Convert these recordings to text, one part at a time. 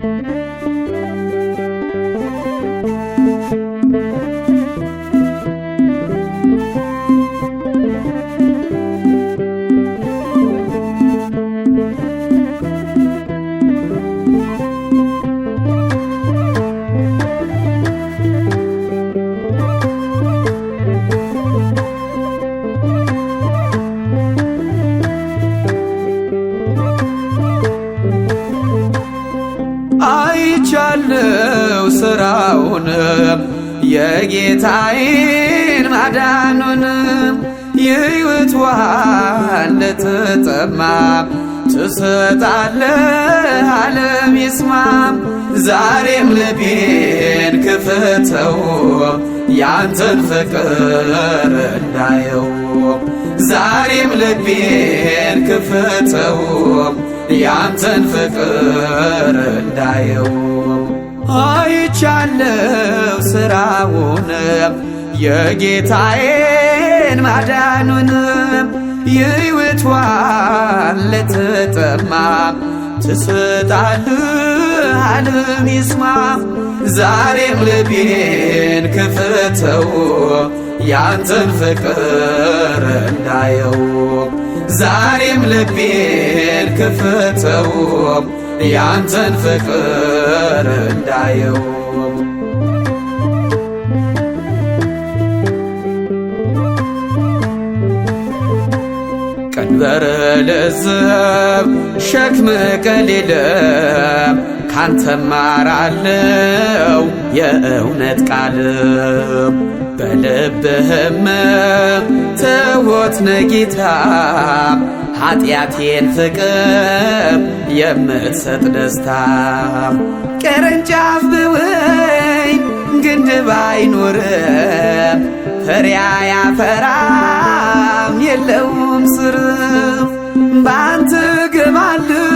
thank you ስራውን የጌታዬን ማዳኑን የሕይወት ውሃን ለተጠማ ትሰጣለህ ዓለም ይስማ። ዛሬም ልቤን ክፍተው ያንተን ፍቅር እንዳየው ዛሬም ልቤን ክፍተው ያንተን ፍቅር እንዳየው አይቻለው ስራውንም የጌታዬን ማዳኑንም ይውቷን ለተጠማ ትሰጣለህ ዓለም ይስማ። ዛሬም ልቤን ክፍተው ያንተን ፍቅር እንዳየው ዛሬም ልቤን ክፍተውም ያንተን ፍቅር እንዳየውም ቀንበር ልዝብ ሸክም ቀሊልም ካንተ ማራለው የእውነት ቃል በልብህም ትሑት ነጌታ ኃጢአቴን ፍቅር የምትሰጥ ደስታ ቅርንጫፍ ብወይ ግንድብ አይኖርም ፍሬያ ያፈራም የለውም ስር ባንተ ገባለሁ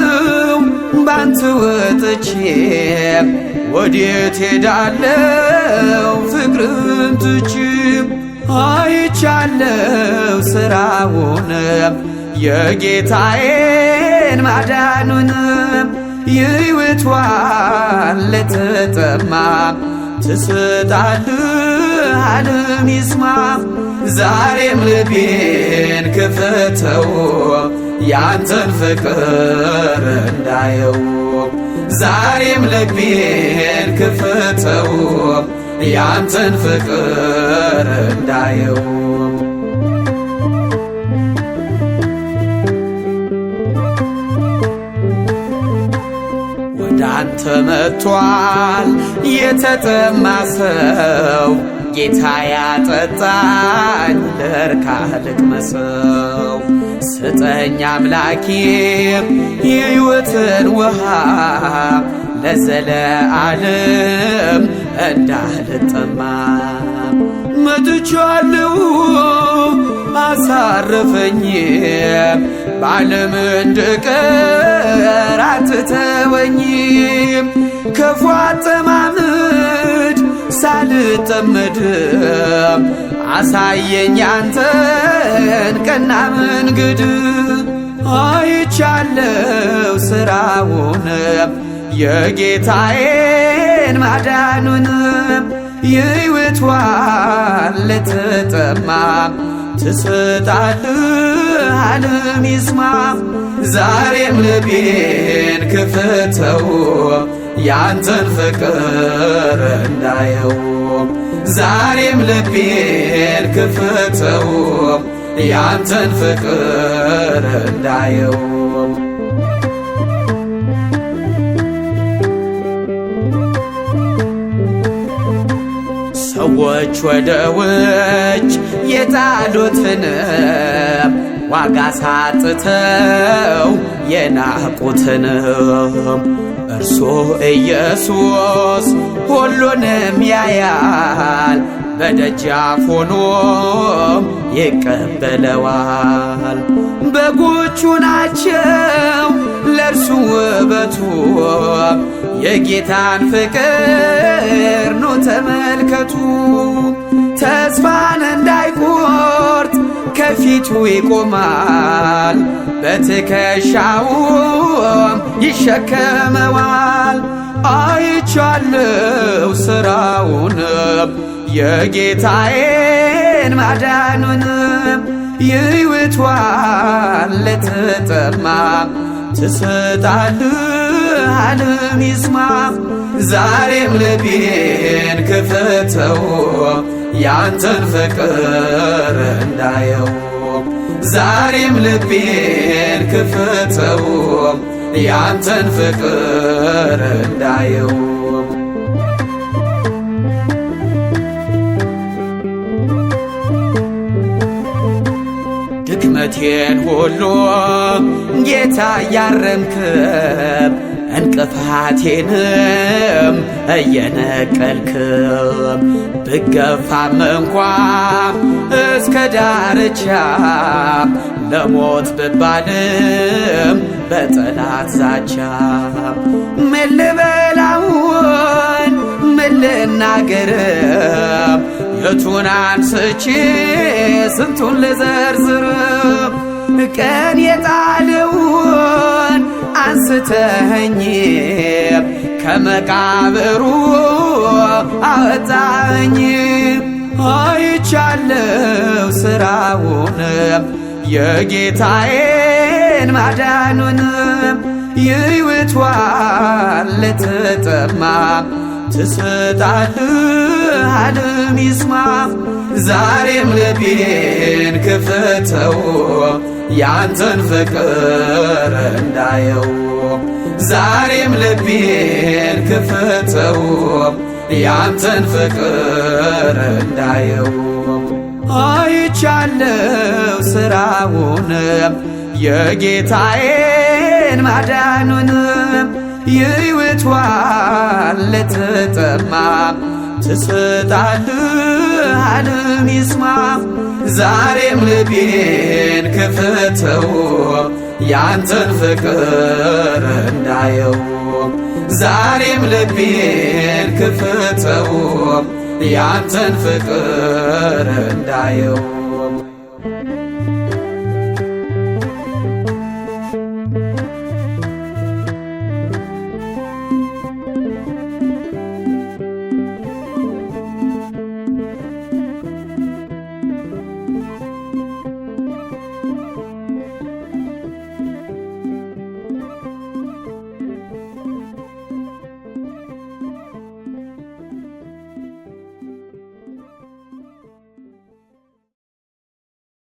ከአንተ ወጥቼ ወዴት ሄዳለው? ፍቅርን ትቼ አይቻለው ስራውንም የጌታዬን ማዳኑንም ይውቷን ለተጠማ ትስጣል ዓለም ይስማ። ዛሬም ልቤን ክፈተው ያንተን ፍቅር እንዳየው ዛሬም ልቤን ክፍተው ያንተን ፍቅር እንዳየው ወደ አንተ መጥቷል የተጠማ ሰው ጌታ ያጠጣኝ ለርካ ልቅመሰው ስጠኝ አምላኬ የሕይወትን ውሃ ዓለም እንዳልጠማ መጥቻለሁ አሳርፈኝ በዓለም እንድቀር አትተወኝ ከፏጠ ሳልጠመድ አሳየኝ አንተን ቀና መንገድ አይቻለው ስራውን የጌታዬን ማዳኑን ይውትዋን ለተጠማ ትሰጣለህ ዓለም ይስማ ዛሬም ልቤን ክፍተው ያንተን ፍቅር እንዳየው ዛሬም ልቤን ክፍተው ያንተን ፍቅር እንዳየው ሰዎች ወደ ውጭ የጣሉትን ዋጋ ሳጥተው የናቁትንም እርሶ ኢየሱስ ሁሉንም ያያል፣ በደጃፍ ሆኖም ይቀበለዋል። በጎቹ ናቸው ለእርሱ ውበቱ የጌታን ፍቅር ኑ ተመልከቱ ተስፋን እንዳይቆርጥ ከፊቱ ይቆማል፣ በትከሻውም ይሸከመዋል። አይቻለው ሥራውንም የጌታዬን ማዳኑንም ይውቷል ለተጠማ ትሰጣለህ ዓለም ይስማ ዛሬም ልቤን ክፈተው ያንተን ፍቅር እንዳየው ዛሬም ልቤን ክፍተው ያንተን ፍቅር እንዳየው ድክመቴን ሁሉ ጌታ ያረምክብ እንቅፋቴንም እየነቀልክም ብገፋም እንኳ እስከ ዳርቻ ለሞት ብባልም በጠላት ዛቻ ምን ልበላውን ምን ልናገርም የቱን አንስቼ ስንቱን ልዘርዝርም ቀን የጣልው አንስተኸኝ ከመቃብሩ አወጣኝ። አይቻለው ስራውን የጌታዬን ማዳኑን ይውቷል ለተጠማ ትሰጣለህ ዓለም ይስማ ዛሬም ልቤን ክፍተው ያንተን ፍቅር እንዳየው ዛሬም ልቤን ክፈተው ያንተን ፍቅር እንዳየው አይቻለው ስራውን የጌታዬን ማዳኑን ይውቷል ለተጠማም ትስጣል ዓለም ይስማ ዛሬም ልቤን ክፍ ያንተን ፍቅር እንዳየው ዛሬም ልቤን ክፍተው ያንተን ፍቅር እንዳየው